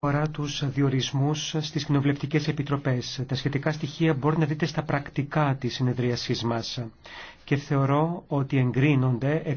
αφορά τους διορισμούς στις κοινοβουλευτικέ επιτροπές. Τα σχετικά στοιχεία μπορεί να δείτε στα πρακτικά της συνεδρίασής μας και θεωρώ ότι εγκρίνονται